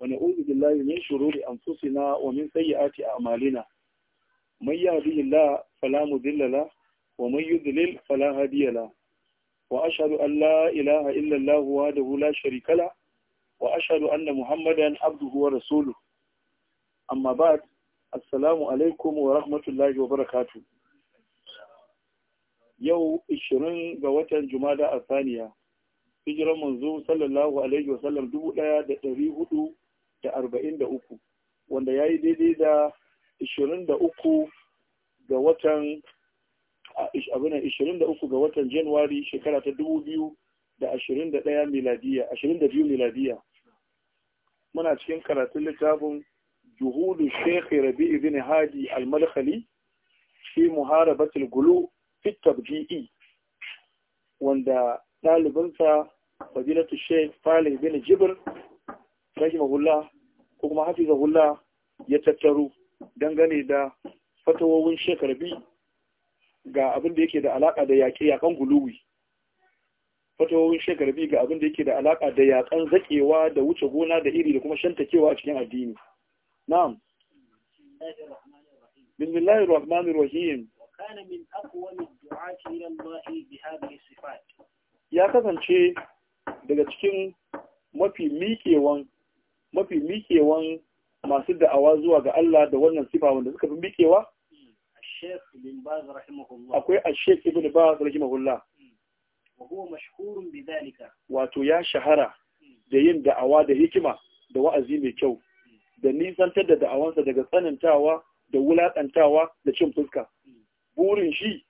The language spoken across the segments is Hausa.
wani ozi billahi min shururi an fusina wa min sayyati a'malina man yahdihi Allah fala mudilla la wa man yudlil fala hadiya la wa ashhadu an la ilaha illa Allah wahdahu la sharika la wa ashhadu anna Muhammadan abduhu wa rasuluhu amma ba'd assalamu alaikum wa rahmatullahi wa barakatuh yau 20 ga watan jumada da Asaniya. hijiran manzo sallallahu alaihi wasallam dubu ɗaya da ɗari hudu da arba'in da uku wanda ya yi daidai da ishirin da uku ga watan abinan ishirin da uku ga watan januwari shekara ta dubu biyu da ashirin da ɗaya miladiya ashirin da biyu miladiya muna cikin karatun littafin juhudu shekhi rabi ibn hadi al fi muharabatul gulu fi tabji'i wanda ɗalibinsa fadilatu sheikh Salih bin Jibr rahimahullah ko kuma hafizahullah ya tattaru dangane da fatawowin Sheikh Rabi ga abin da yake da alaka da yaƙe yakan guluwi fatawowin Sheikh Rabi ga abin da yake da alaka da yakan zakewa da wuce gona da iri da kuma shantakewa a cikin addini na'am bismillahir rahmanir rahim kana min aqwa min du'ati ila Allah bi hadhihi sifat ya kasance daga cikin mafi mikewan mafi mikewan masu da'awa zuwa ga Allah da wannan sifa wanda suka fi miƙewa akwai a shek ibn baz rahimahullah wa huwa wato ya shahara da yin da'awa da hikima da wa'azi mai kyau da nisantar da da'awansa daga tsanantawa da wulaƙantawa da cin fuska hmm. burin shi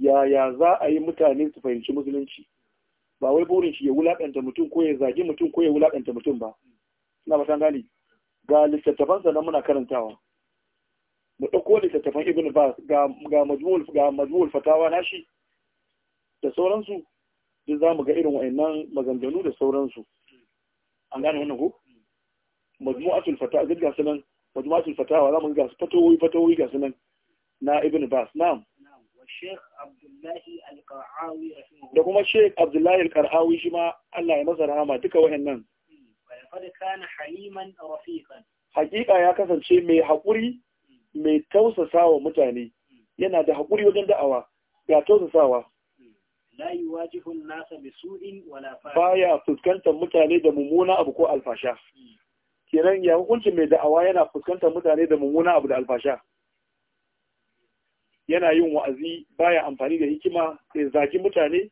yaya za a yi mutane su fahimci musulunci ba wai burin shi ya wulaƙanta mutum ko ya zagi mutum ko ya wulaƙanta mutum ba suna ba gani ga littattafan sannan muna karantawa mu ɗauko littattafan ibn bas ga ga majmu'ul ga majmul fatawa nashi da sauransu duk za mu ga irin wa'annan maganganu da sauransu an gane wannan ko majmu'atul fatawa zai ga sunan majmu'atul fatawa za mu ga fatawoyi fatawoyi ga na ibn bas na'am da kuma Sheikh Abdullahi Al-Qara'awi shi ma Allah ya masa rahama duka wayannan Haƙiƙa ya kasance mai haƙuri mai tausasawa mutane yana da haƙuri wajen da'awa ya tausasawa la yuwajihu baya fuskantar mutane da mummuna abu ko alfasha kiran ya hukuncin mai da'awa yana fuskantar mutane da mummuna abu da alfasha yana yin wa'azi baya amfani da hikima ya zagi mutane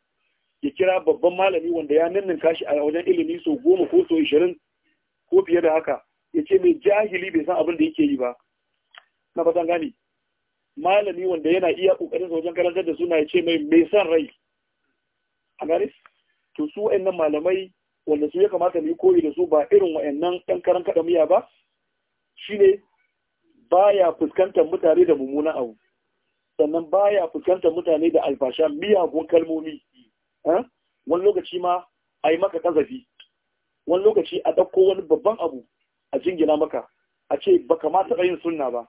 ya kira babban malami wanda ya nanninka shi a wajen ilimi so goma ko so ishirin ko fiye da haka ya ce mai jahili bai san abin da yake yi ba na fatan gani malami wanda yana iya kokarin wajen karantar da suna ya ce mai mai san rai a gani to su wa'annan malamai wanda su ya kamata mu yi koyi da su ba irin wa'annan ɗan karan kaɗa miya ba shine baya fuskantar mutane da mummunan abu sannan baya fuskantar mutane da alfasha miyagun kalmomi wani lokaci ma a yi maka kazafi wani lokaci a ɗauko wani babban abu a jingina maka a ce ba kama taɓa yin sunna ba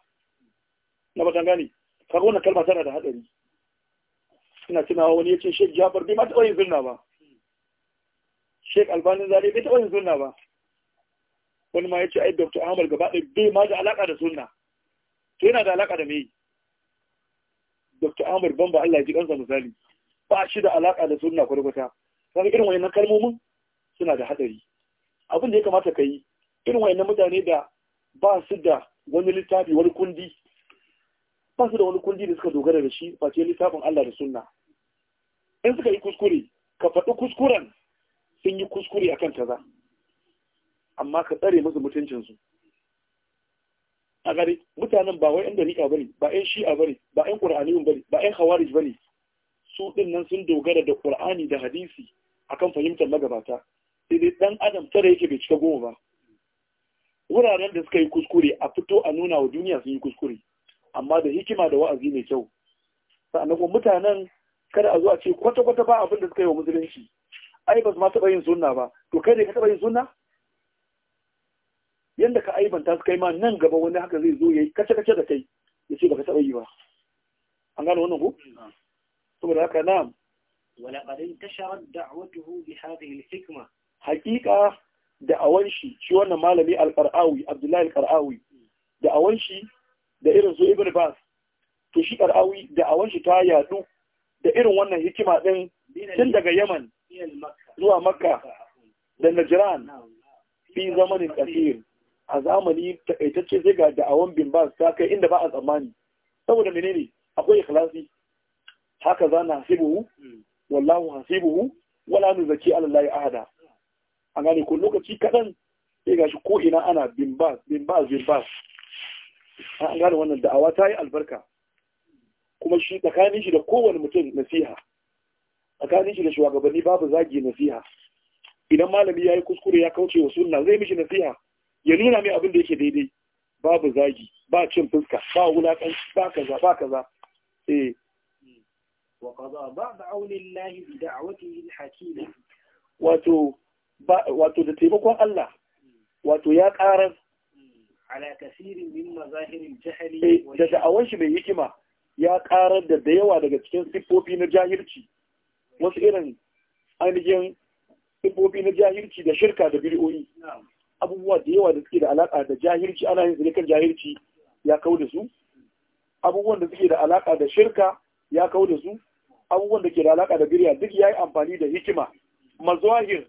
na ba gane kaga wannan kalma tana da haɗari suna tunawa wani ya ce shek jabar bai ma taɓa yin sunna ba shek albanin zare bai taɓa yin sunna ba wani ma ya ce ai dr ahmad gaba ɗaya bai ma da alaƙa da sunna to yana da alaƙa da me Dr. Ahmad Bamba Allah ya ji kansa misali ba shi da alaka da sunna kwarkwata, kwata kaga irin wayannan kalmomin suna da hadari abin da ya kamata ka yi irin wayannan mutane da ba su da wani littafi wani kundi ba su da wani kundi da suka dogara da shi ba ce littafin Allah da sunna in suka yi kuskure ka faɗi kuskuren sun yi kuskure akan kaza amma ka tsare musu mutuncinsu a gare mutanen ba wai 'yan dariƙa bane ba 'yan shi'a bane ba 'yan ƙur'aniyun bane ba 'yan khawarij bane su din nan sun dogara da ƙur'ani da hadisi akan fahimtar magabata idan dan adam tare yake bai cika goma ba wuraren da suka yi kuskure a fito a nuna wa duniya sun yi kuskure amma da hikima da wa'azi mai kyau Sannan kuma mutanen kada a zo a ce kwata-kwata ba abin da suka yi wa musulunci ai ba su ma taɓa yin sunna ba to kai ne ka taɓa yin sunna yanda ka aibanta su kai ma nan gaba wani haka zai zo ya yi kace kace da kai ya ce baka taɓa yi ba an gano wannan ko saboda haka na wala qadin tasharat da'watuhu bi hadhihi al-hikma haqiqa awan shi shi wannan malami al qarawi abdullahi al da awan shi da irin su ibn bas to shi da awan shi ta yadu da irin wannan hikima din tun daga yaman zuwa makka da najran fi zamanin kasir a zamani takaitacce zai ga da'awan bin ba ta kai inda ba a tsammani saboda menene akwai ikhlasi haka za na hasibuhu wallahu hasibuhu wala zaki ala lahi ahada an gane ko lokaci kadan sai gashi ko ina ana bin ba bin ba bin ba an gane wannan da'awa ta yi albarka kuma shi tsakanin shi da kowane mutum nasiha tsakanin shi da shugabanni babu zagi nasiha idan malami ya yi kuskure ya kauce wa sunna zai mishi nasiha ya nuna mai abin da yake daidai babu zagi ba cin fuska ba wulaƙanci. ba kaza ba kaza E! wa qada ba'd aulillahi bi da'watihi al-hakima wato wato da taimakon Allah wato ya ƙarar ala kasirin min mazahiril jahli eh, da da'awan shi mai hikima ya ƙarar da da yawa daga cikin siffofi na jahilci wasu irin ainihin siffofi na jahilci da shirka da bid'o'i abubuwa da yawa da suke da alaƙa da jahilci ana yin zurikan jahilci ya kau da su abubuwan da suke da alaƙa da shirka ya kau da su abubuwan da ke da alaƙa da birya duk ya yi amfani da hikima mazahir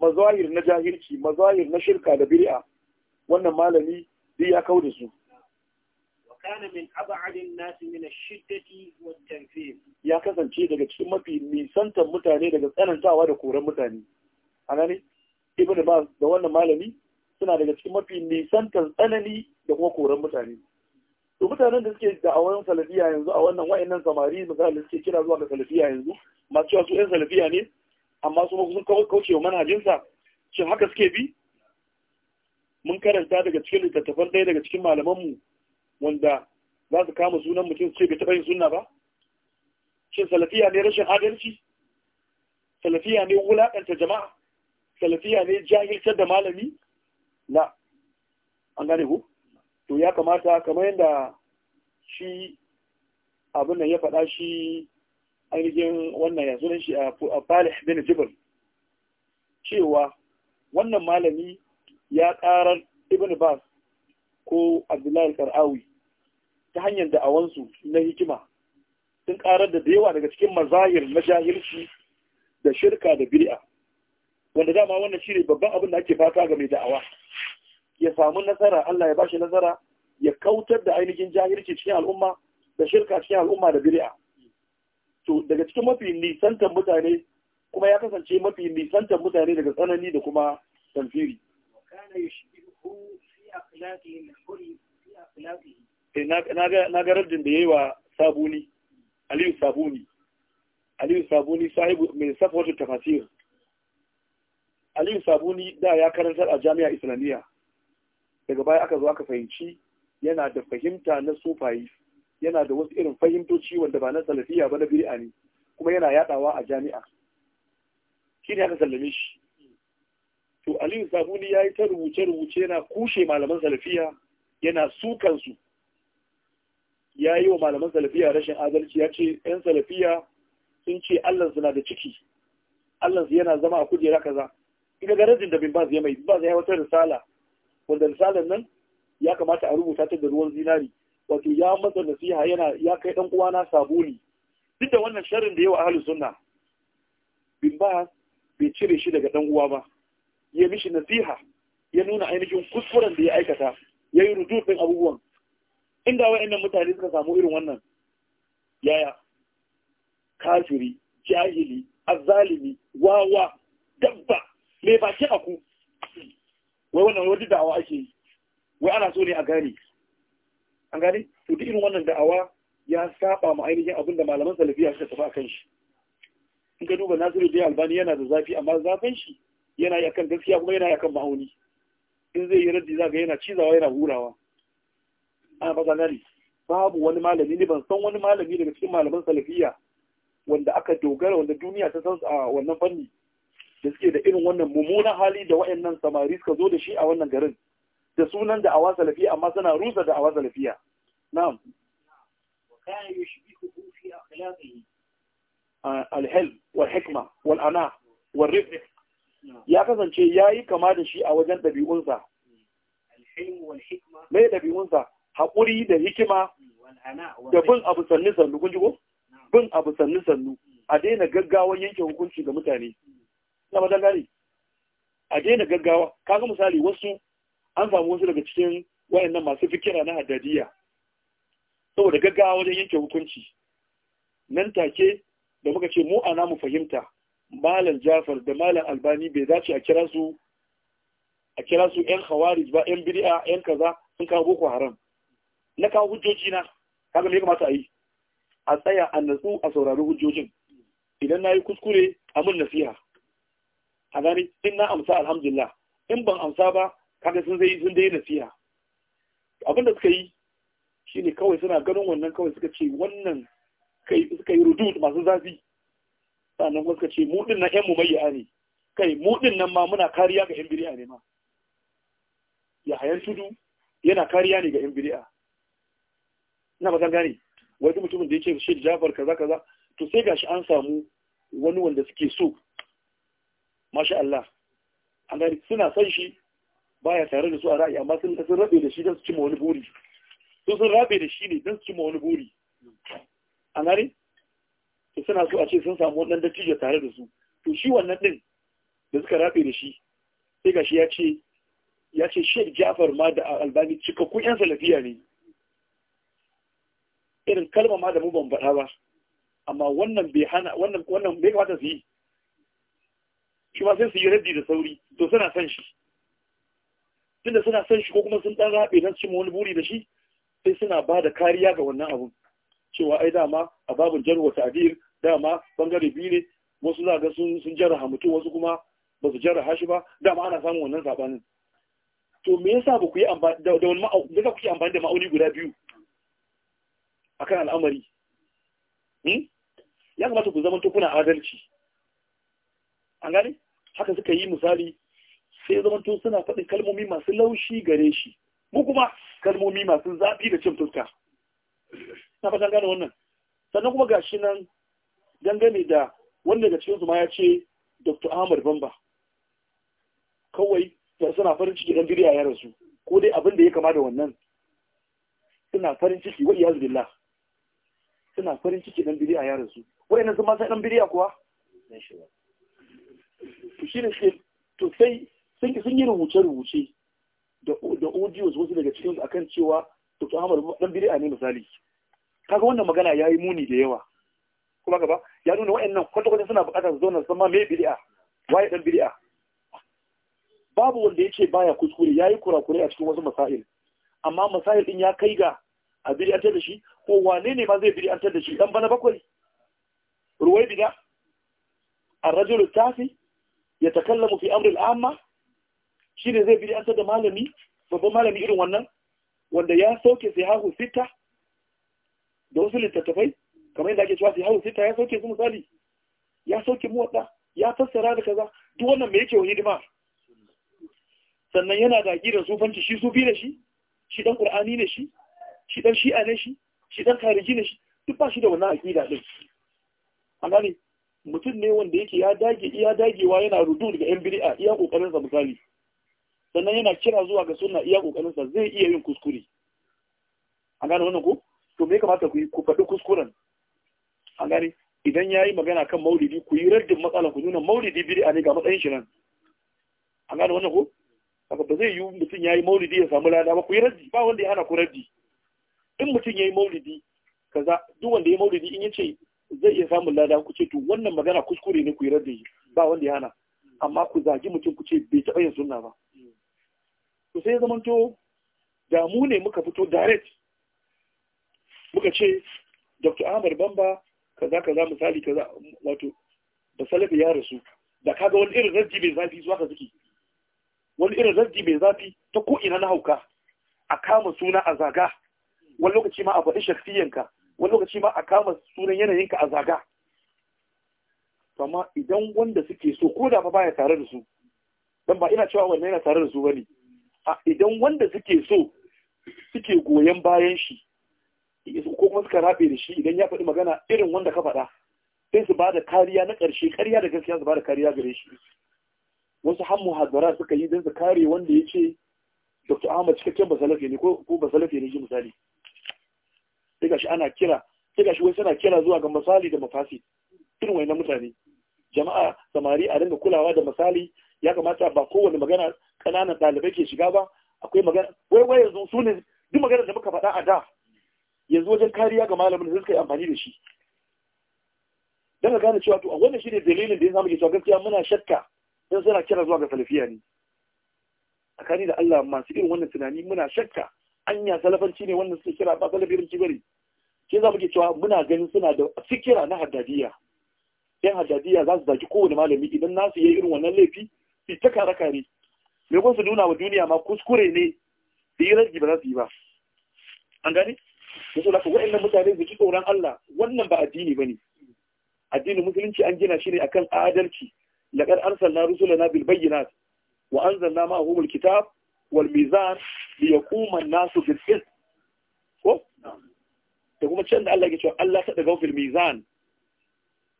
mazahir na jahilci mazahir na shirka da birya wannan malami duk ya kau da su kana min ab'adin nas min ash-shiddati wat-tanfir ya kasance daga cikin mafi nisantar mutane daga tsanantawa da koran mutane anani ne ibn Abbas da wannan malami suna daga cikin mafi nisantar tsanani da kuma koran mutane to mutanen da suke da'awar salafiya yanzu a wannan wa'annan samari misali suke kira zuwa ga salafiya yanzu masu cewa su 'yan salafiya ne amma su sun kaucewa manhajinsa shin haka suke bi mun karanta daga cikin littattafan ɗaya daga cikin malamanmu wanda za su kama sunan mutum su ce bai taɓa yin sunna ba shin salafiya ne rashin adalci salafiya ne wulaƙanta jama'a salafiya ne jahilcar da malami la an gane ku to ya kamata kamar yadda shi abin da ya faɗa shi ainihin wannan yanzu shi a Falih bin cewa wannan malami ya ƙarar Ibn Bas ko Abdullahi Kar'awi ta hanyar awansu na hikima sun ƙarar da da yawa daga cikin mazahir na jahilci da shirka da bid'a wanda dama wannan shi ne babban abin da ake fata ga mai da'awa ya samu nasara Allah ya bashi nasara ya kautar da ainihin jahilci cikin al'umma da shirka cikin al'umma da bire'a to daga cikin mafi nisantan mutane kuma ya kasance mafi nisantan mutane daga tsanani da kuma tamfiri eh, na ga raddin da ya yi wa sabuni aliyu sabuni aliyu sabuni sahibu mai wata tafasir aliyu sabuni da ya karantar a jami'a islamiyya daga baya aka zo aka fahimci yana da fahimta na sufayi yana da wasu irin fahimtoci wanda ba na salafiya ba na biri'a ne kuma yana yadawa a jami'a shi ne aka sallame shi to aliyu sabuni ya yi ta rubuce-rubuce yana kushe malaman salafiya yana sukansu ya yi wa malaman salafiya rashin adalci ya ce 'yan salafiya sun ce allansu na da ciki allansu yana zama a kujera kaza ina ga rajin da bin baz ya mai baz ya wata risala wanda risalar nan ya kamata a rubuta ta da ruwan zinari wato ya matsa nasiha yana ya kai dan uwana sabuli duk da wannan sharrin da yawa ahli sunna bin baz bai cire shi daga dan uwa ba ya mishi nasiha ya nuna ainihin kuskuren da ya aikata ya yi rudufin abubuwan inda wa'annan mutane suka samu irin wannan yaya kafiri jahili azalimi wawa dabba mai bakin aku? wai wannan wani da'awa ake yi wai ana so ne a gane an gane to duk irin wannan da'awa ya saba ma ainihin abin da malaman salafiya suka tafi a kan shi in ka duba nasiru da albani yana da zafi amma zafin shi yana yi akan gaskiya kuma yana yi akan ma'auni in zai yi raddi za zaga yana cizawa yana hurawa ana ba zanari babu wani malami ne ban san wani malami daga cikin malaman salafiya wanda aka dogara wanda duniya ta san a wannan fanni da suke da irin wannan mummunan hali da wa'annan samari suka zo da shi a wannan garin da sunan da awa salafiya amma suna rusa da awa salafiya na'am kana yushbihu alhel wal hikma wal ana wal rifq ya kasance yayi kama da shi a wajen dabi'unsa alhilm wal dabi'unsa haƙuri da hikima mm, da bin abu sannu sannu kun ji ko bin abu sannu sannu a daina gaggawan yanke hukunci ga mutane na ba a daina gaggawa kaga misali wasu an samu wasu daga cikin wayannan masu fikira na haddadiya saboda gaggawa wajen yanke hukunci nan take da muka ce mu ana mu fahimta malam jafar da malam albani bai dace a kira su a kira su yan khawarij ba yan bid'a yan kaza sun kawo boko haram na kawo hujjoji na kaga me masu kamata a yi a tsaya a natsu a saurari hujjojin idan na yi kuskure a mun nasiha a gani in na amsa alhamdulillah in ban amsa ba kaga sun zai sun dai nasiha abin da suka yi shine kawai suna ganin wannan kawai suka ce wannan kai suka yi rudud masu zafi sannan kuma suka ce mu din nan mu mumayya ne kai mu din nan ma muna kariya ga ƴan bid'a ne ma ya hayan tudu yana kariya ne ga ƴan bid'a ina ba gane wai mutumin da yake shi Jafar kaza kaza to sai gashi an samu wani wanda suke so masha Allah an suna son shi baya tare da su a ra'ayi amma sun sun rabe da shi don su cimma wani buri su sun rabe da shi ne don su cimma wani buri an gani suna so a ce sun samu wannan dattijo tare da su to shi wannan din da suka rabe da shi sai gashi ya ce ya ce shek Jafar ma da Albani cikakkun yan salafiya ne irin kalma ma da mu ban faɗa ba amma wannan bai hana wannan wannan bai kamata su yi shi ma sai su yi raddi da sauri to suna son shi tunda suna son shi ko kuma sun dan rabe nan cimma wani buri da shi sai suna ba da kariya ga wannan abun cewa ai dama a babin jarwa ta'dir dama bangare biyu ne wasu za ga sun sun jarraha mutum wasu kuma ba su jarraha shi ba dama ana samun wannan sabanin to me yasa ba ku yi amfani da wani ma'auni da ku yi amfani da ma'auni guda biyu akan al'amari hmm? ya kamata ku zama kuna adalci an gane haka suka yi misali sai zama to suna faɗin kalmomi masu laushi gare shi mu kuma kalmomi masu zafi da cin fuska na fata gane wannan sannan kuma gashi nan dangane da wanda daga cikin su ma ya ce Dr. Ahmad Bamba kawai da suna farin ciki dan bidiya ya rasu ko dai abin da ya kama da wannan suna farin ciki wa iyazu billah suna farin ciki dan bidiya ya rasu wayannan sun ma sai dan bidiya kuwa to shi ne to sai sun yi rubuce-rubuce da audios wasu daga su akan cewa dr ahmad dan bid'a ne misali kaga wannan magana yayi muni da yawa kuma gaba ya nuna wayannan kwata-kwata suna buƙatar su zauna su ma mai bid'a waye dan bid'a babu wanda yake baya kuskure yayi kurakure a cikin wasu masail amma masail din ya kai ga a bid'antar da shi ko wane ne ma zai bid'antar da shi dan bana bakwai ruwai bid'a ar ya takallamu fi amril amma shi ne zai an da malami babban malami irin wannan wanda ya sauke sai hahu sita da wasu littattafai kamar yadda ake cewa sai hahu sita ya sauke su misali ya sauke muwadda ya fassara da kaza duk wannan me yake wani dima sannan yana da su sufanci shi sufi da shi shi dan qur'ani ne shi shi dan shi'a ne shi shi dan kariji ne shi duk ba shi da wannan aqida din an ne mutum ne wanda yake ya dage iya dagewa yana rudu daga yan bid'a iya kokarin sa misali sannan yana kira zuwa ga sunna iya kokarin sa zai iya yin kuskure an gane wannan ko to me kamata ku yi ku faɗi kuskuren an gane idan yayi magana kan maulidi ku yi raddin matsala ku nuna maulidi bid'a ne ga matsayin shi nan an gane wannan ko haka ba zai yi mutum yayi maulidi ya samu lada ba ku yi raddi ba wanda ya hana ku raddi in mutum yayi maulidi kaza duk wanda ya maulidi in yace zai iya samun lada ku ce to wannan magana kuskure ne ku yi shi ba wanda ya hana amma ku zagi mutum ku ce bai taɓa yin sunna ba to sai zaman to da mu ne muka fito direct muka ce Dr. Ahmad Bamba kaza kaza misali kaza wato da salafi ya rasu da kaga wani irin raddi mai zafi zuwa ka ziki wani irin raddi mai zafi ta ko ina na hauka a kama suna a zaga wani lokaci ma a faɗi shaksiyanka wani lokaci ma a kama sunan yanayinka a zaga amma idan wanda suke so ko da ba baya tare da su dan ba ina cewa wannan yana tare da su bane a idan wanda suke so suke goyon bayan shi ko kuma suka rabe da shi idan ya faɗi magana irin wanda ka faɗa sai su bada kariya na ƙarshe kariya da gaskiya su bada kariya gare shi wasu har muhadara suka yi don su kare wanda ya ce dr ahmad cikakken basalafi ne ko basalafi ne shi misali sai gashi ana kira sai gashi wani suna kira zuwa ga misali da mafasi irin wani mutane jama'a samari a dinga kulawa da misali ya kamata ba kowane magana kananan ɗalibai ke shiga ba akwai magana wai wai yanzu su ne duk maganar da muka faɗa a da yanzu wajen kariya ga malamin da suka yi amfani da shi don ka gane cewa to a wannan shi ne dalilin da ya samu ke cewa gaskiya muna shakka don suna kira zuwa ga salafiya ne A kani da Allah masu irin wannan tunani muna shakka anya salafanci ne wannan suke kira ba salafiyanci kibari. shi za muke cewa muna ganin suna da fikira na haddadiya yan haddadiya za su zaki kowane malami idan nasu yi irin wannan laifi su ta kare kare me kun su nuna wa duniya ma kuskure ne Da yi rarki ba za su yi ba an gane yanzu da wa'annan mutane su tsoron Allah wannan ba addini ba ne. addinin musulunci an gina shi ne akan adalci laqad arsalna rusulana bil bayyinat wa anzalna ma'ahum al kitab wal mizan liyaquma an-nasu bil qist ko da kuma can da Allah ke cewa Allah ta daga fil mizan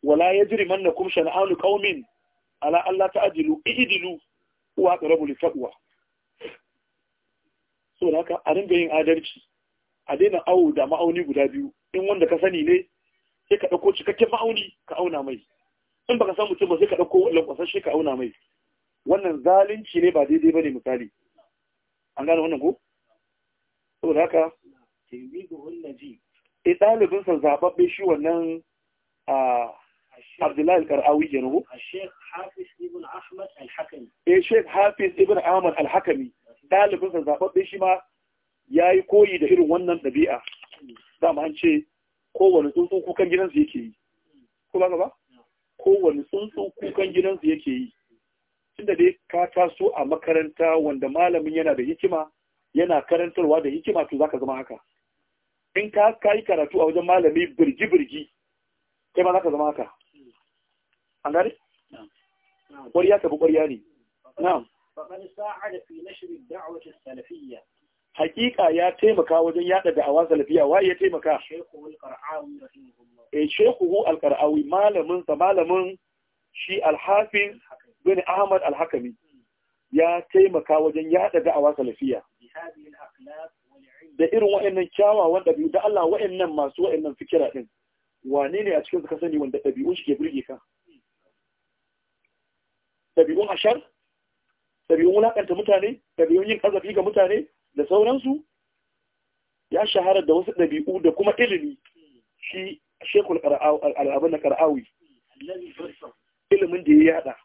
wala yajrimannakum shan'anu qaumin ala Allah ta ajilu ihdilu wa qarabu li taqwa so da haka a ringa yin adalci a daina awo da ma'auni guda biyu in wanda ka sani ne sai ka ɗauko cikakken ma'auni ka auna mai in baka san mutum ba sai ka ɗauko lankwasashe ka auna mai wannan zalunci ne ba daidai ba ne misali an gane wannan ko saboda haka eh ɗalibinsa zaɓaɓɓe shi wannan Abdullahi Al-Qar'awi ke nuhu? Sheikh Hafiz Ibn Ahmad Al-Hakami. Eh, Ibn Ahmad al ɗalibinsa zaɓaɓɓe shi ma ya yi koyi da irin wannan ɗabi'a. Dama an ce kowane tsuntsun kukan gidansu yake yi. Ko ba ba? Kowane tsuntsun kukan gidansu yake yi. Tunda dai ka taso a makaranta wanda malamin yana da hikima yana karantarwa da hikima to zaka zama haka. in ka kai karatu a wajen malami birgi birgi kai ma za ka zama haka an gari? ƙwariya ka bi ƙwariya ne haƙiƙa Hakika ya taimaka wajen yada awa salafiya waye ya taimaka eh shekuhu al malamin sa malamin shi alhafin hafiz bin ahmad al-hakami mm. ya taimaka wajen yada awa salafiya da irin wa'annan kyawawan ɗabi'u da Allah wa'annan masu wa'annan fikira ɗin wane ne a cikin ka sani wanda ɗabi'un shi ke birge ka ɗabi'un ashar ɗabi'un wulaƙanta mutane ɗabi'un yin kazafi ga mutane da sauransu ya shahara da wasu ɗabi'u da kuma ilimi shi shekul al'abin na ƙar'awi ilimin da ya yada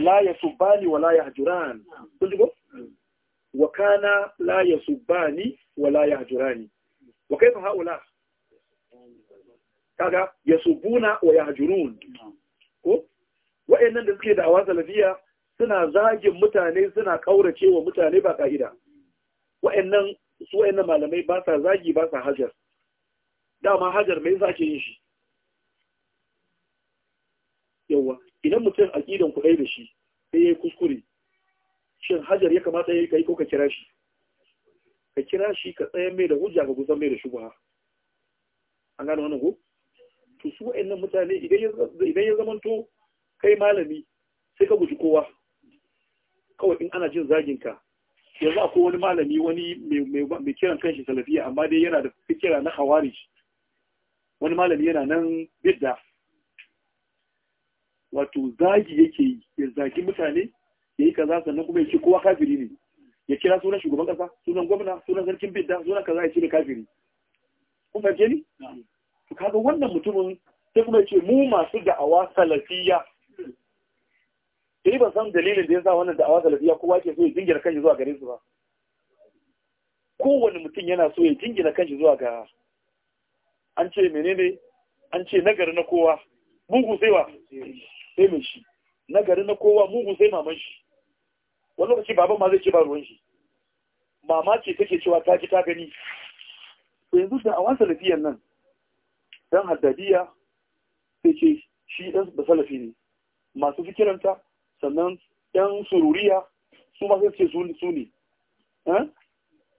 la ya subani wa la ya hajuran. kun ji ko wa kana la yasubbani wa la yahjurani wa kayfa haula kaga yasubuna wa yahjurun ko wayannan da suke da'awa salafiya suna zagin mutane suna kaurace wa mutane ba ka'ida wayannan su wayannan malamai ba sa zagi ba sa hajar dama hajar mai zake yin shi yawa idan mutum aqidan ku da shi sai yayi kuskure shin hajar ya kamata ya yi ko ka kira shi ka kira shi ka tsayan mai da hujja ka kusan mai da shubha an gano wannan ko to su wa'annan mutane idan ya zamanto kai malami sai ka guji kowa kawai in ana jin zaginka yanzu akwai wani malami wani mai kiran kanshi salafiya amma dai yana da fikira na hawari wani malami yana nan bidda wato zagi yake yi ya zagi mutane ya yi kaza sannan kuma ya ce kowa kafiri ne ya kira sunan shugaban kasa sunan gwamna sunan sarkin bidda sunan kaza ya ce da kafiri kun fahimce ni to kaga wannan mutumin sai kuma ya ce mu masu da'awa salafiya sai ba san dalilin da ya sa wannan da'awa salafiya kowa ke so ya jingina kanshi zuwa gare su ba kowane mutum yana so ya jingina kanshi zuwa ga an ce menene an ce nagari na kowa mugu sai wa sai mai shi nagari na kowa mugu sai maman shi wani lokaci baban ma zai ce ba ruwan shi mama ce take cewa ta ji ta gani to yanzu da a wasa salafiyan nan dan haddadiya sai ce shi dan da salafi ne masu fikiranta sannan yan sururiya su ma sai ce su ne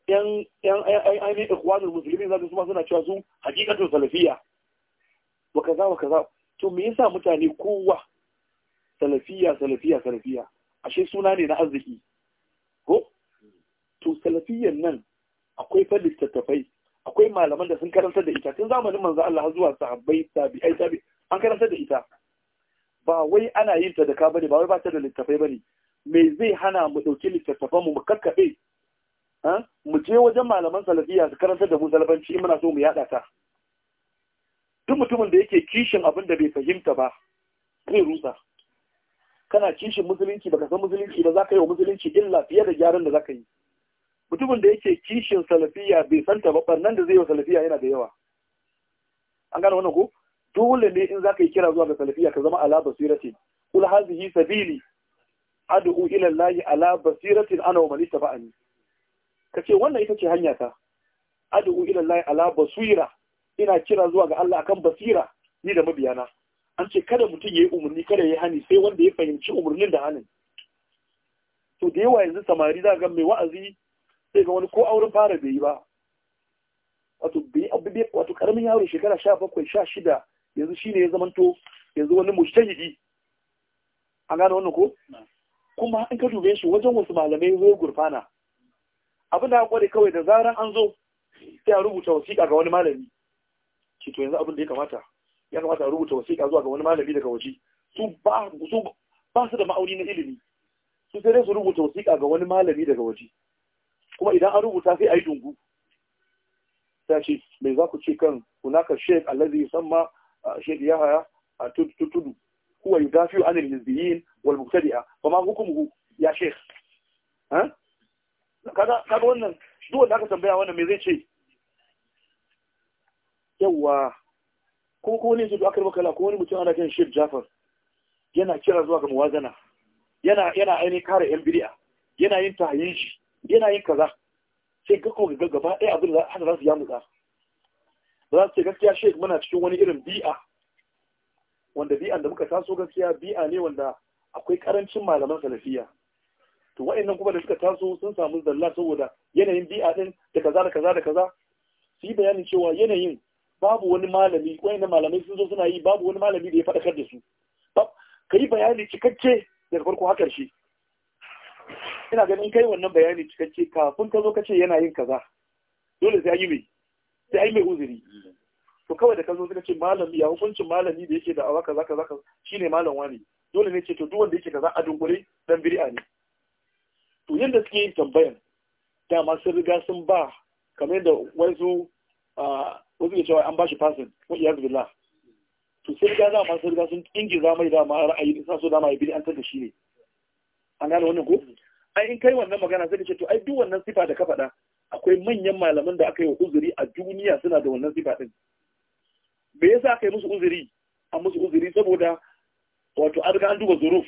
yan ainihin ikhwanul musulmin za su ma suna cewa su hakikatun salafiya wa kaza wa kaza to me yasa mutane kowa salafiya salafiya salafiya ashe suna ne na arziki ko to salafiyan nan akwai fa littattafai akwai malaman da sun karanta da ita tun zamanin manzo Allah zuwa sahabbai tabi'ai tabi an karanta da ita ba wai ana yin ta da ka bane ba wai ba ta da littattafai bane me zai hana mu dauki littattafan mu mu kakkabe mu je wajen malaman salafiyya su karanta da mu salafanci muna so mu yada ta duk mutumin da yake kishin abin da bai fahimta ba zai rusa kana kishin musulunci baka san musulunci ba za ka yi wa musulunci illa fiye da gyaran da za ka yi mutumin da yake kishin salafiya bai santa ba nan da zai wa salafiya yana da yawa an gane wannan ko dole ne in za ka yi kira zuwa ga salafiya ka zama ala basiratin kul hazihi sabili ad'u ila ala basiratin ana wa man ittaba'ani kace wannan ita ce hanya ta ad'u ila ala basira ina kira zuwa ga Allah akan basira ni da mabiyana an ce kada mutum ya yi umarni kada ya hani sai wanda ya fahimci umarnin da hannun to da yawa yanzu samari za ga mai wa'azi sai ga wani ko auren fara bai yi ba wato bai bai wato karamin yaro shekara sha bakwai sha shida yanzu shi ne ya zamanto yanzu wani mujtahidi an gane wannan ko kuma in ka dube shi wajen wasu malamai zai gurfana abin da kware kawai da zaran an zo sai a rubuta wasiƙa ga wani malami ki to yanzu abin da ya kamata ya kamata a rubuta wasiƙa zuwa ga wani malami daga waje su ba su ba su da ma'auni na ilimi su sai dai su rubuta wasiƙa ga wani malami daga waje kuma idan an rubuta sai a yi dungu ta ce me za ku ce kan hunaka sheik allazi yusamma sheik yahaya a tudu huwa yudafiu anil hizbiyin wal mubtadi'a fa ma hukumuhu ya sheik ha kaga wannan duk wanda aka tambaya wannan me zai ce yawwa ko ko ne zuwa akar makala ko wani mutum ana kan shir jafar yana kira zuwa ga muwazana yana yana aini kare yan bidiya yana yin tahyin shi yana yin kaza sai ga kuma ga gaba ɗaya abin da haka za su yamu za za su ce gaskiya shek muna cikin wani irin bi'a wanda bi'a da muka taso gaskiya bi'a ne wanda akwai karancin malaman salafiya to wa'annan kuma da suka taso sun samu zalla saboda yanayin bi'a din da kaza da kaza da kaza su yi bayanin cewa yanayin babu wani malami wayannan malamai sun zo suna yi babu wani malami da ya faɗakar da su ka yi bayani cikakke daga farko har ƙarshe ina ganin kai wannan bayani cikakke kafin ka zo ka ce yana yin kaza dole sai an yi mai sai yi mai uzuri to kawai da ka zo suka ce malami ya hukuncin malami da yake da awa kaza kaza kaza shine malam wani dole ne ce to duk wanda yake kaza a dunkure dan biri'a ne to yanda suke yin tambayan dama sun riga sun ba kamar yadda wasu Uh, wasu ke cewa an bashi fasin wa iyaz billah to sai ga dama sai ga sun ingiza mai dama ra'ayi sa so dama ya biri an tada shi ne an gane wannan ko ai in kai wannan magana sai ce to ai duk wannan sifa da ka faɗa akwai manyan malaman da aka yi wa uzuri a duniya suna da wannan sifa din me yasa aka yi musu uzuri a musu uzuri saboda wato an riga an duba zuruf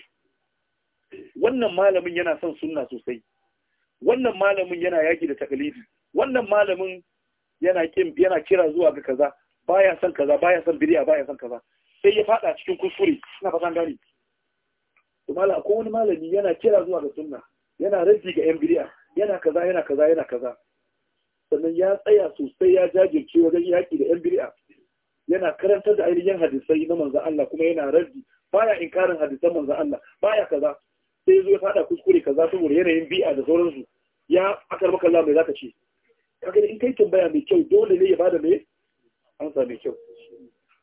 wannan malamin yana son sunna sosai wannan malamin yana yaki da takalidi wannan malamin yana kin yana kira zuwa ga kaza baya son kaza baya son biriya baya son kaza sai ya fada cikin kuskure ina fatan gani to mala ko wani malami yana kira zuwa ga sunna yana raddi ga yan biriya, yana kaza yana kaza yana kaza sannan ya tsaya sosai ya jajirce wajen yaki da yan biriya, yana karantar da ainihin hadisai na manzo Allah kuma yana raddi baya inkarin hadisan manzo Allah baya kaza sai zo ya fada kuskure kaza saboda yanayin bi'a da sauransu ya akar maka Allah mai zaka ce kaga in kai tambaya mai kyau dole ne ya bada mai amsa mai kyau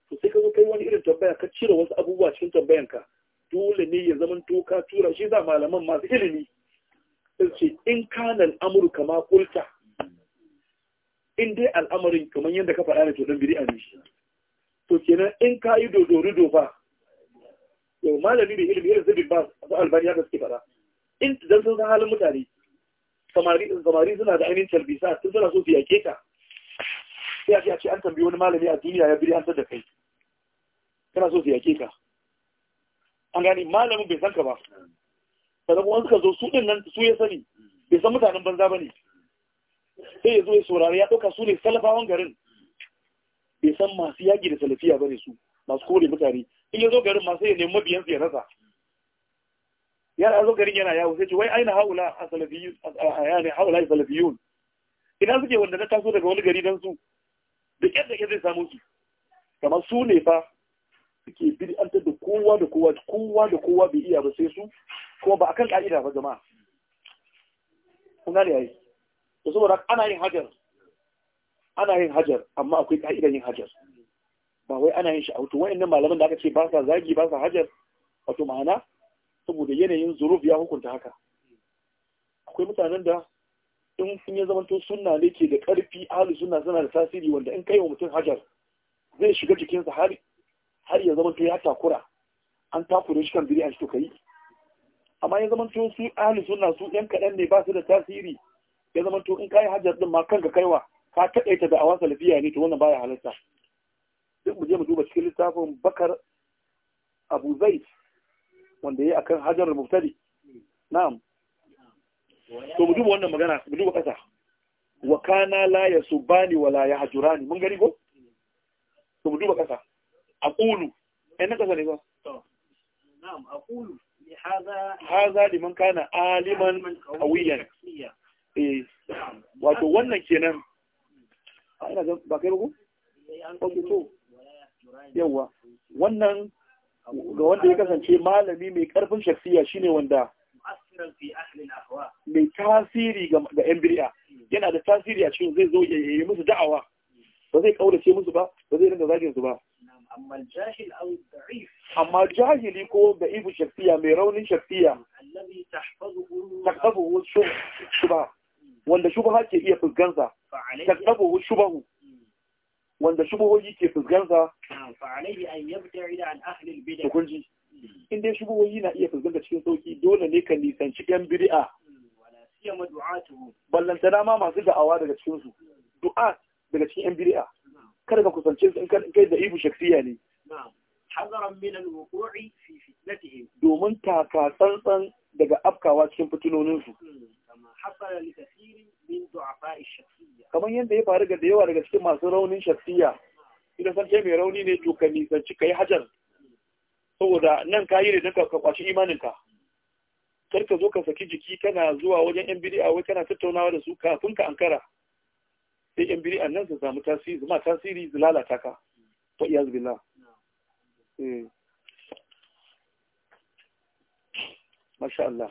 to sai ka zo kai wani irin tambaya ka cire wasu abubuwa cikin tambayan ka dole ne ya zama to ka tura shi za malaman masu ilimi sai ce in kana al'amuru kama kulta in dai al'amarin kamar yadda ka faɗa ne to dan bid'a ne shi to kenan in ka yi dodori dofa yau malami da ilimi irin su bin ba su albani da suke faɗa in dan sun san halin mutane samari suna da ainihin talbisa sun suna so su yake ka sai a ce an tambayi wani malami a duniya ya biri hantar da kai kana so su yake ka an gani malamin bai san ka ba sannan kuma suka zo su din nan su ya sani bai san mutanen banza ba ne sai ya zo ya saurari ya ɗauka su ne salafawan garin bai san masu yaƙi da salafiya ba ne su masu kore mutane in ya zo garin masu ya nemi mabiyansu ya rasa ya zo garin yana yawo sai ce wai aina haula asalafiyun yani haula salafiyun ina suke wanda na taso daga wani gari dan su da yadda ke zai samu su kamar su ne fa suke an da kowa da kowa kowa da kowa bai iya ba sai su kuma ba akan ka'ida ba jama'a kun ne yayi to saboda ana yin hajar ana yin hajar amma akwai ka'idar yin hajar ba wai ana yin shi a wato wayannan malaman da aka ce ba sa zagi ba sa hajar wato ma'ana saboda yanayin zuruf ya hukunta haka akwai mutanen da in sun yi zamanto suna ne ke da ƙarfi ahli suna suna da tasiri wanda in kai wa mutum hajar zai shiga jikinsa har har ya zamanto ya takura an takure shi kan biri an shi to amma ya zamanto su ahli suna su yan kaɗan ne ba su da tasiri ya zamanto in kai hajar din ma kanka kaiwa ka taƙaita da awansa lafiya ne to wannan baya halarta. duk mu je mu duba cikin littafin bakar abu zaid wanda yayi akan hajarul mubtadi na'am to mu duba wannan magana mu duba kasa wa kana la yasubani wala yahjurani mun gari ko to mu duba kasa aqulu ai na kasa ne ba na'am aqulu haza liman kana aliman kawiyan eh wato wannan kenan ah, ina ba kai ba ko eh, yawa wannan ga wanda ya kasance malami mai karfin shaksiya shine wanda mai tasiri ga yan birya yana da tasiri a cikin zai zo ya yi musu da'awa ba zai kaurace musu ba ba zai rinda zagin su ba amma jahili ko da ibu shaksiya mai raunin shaksiya takfafu shubha wanda shubha ke iya fuskansa takfafu shubhu wanda shubuhoyi ke fuskanta hukunci in dai shubuhoyi na iya fuskanta cikin sauki dole ne ka nisanci yan bid'a hmm, Ballanta ma masu da'awa daga cikin su du'a daga cikin yan bid'a kada ka kusance su in kai da ibu shaksiya ne domin taka tsantsan daga afkawa cikin fitinoninsu. Hmm. kamar yadda ya faru da yawa daga cikin masu raunin shafiya idan sarki mai rauni ne to ka nisanci ka yi hajar saboda nan ka yi ne ka kwashi imaninka kar ka zo ka saki jiki kana zuwa wajen yan bid'a wai kana tattaunawa da su kafin ka ankara sai yan biri nan su samu tasiri zuma tasiri su lalata ka fa iyaz billah masha Allah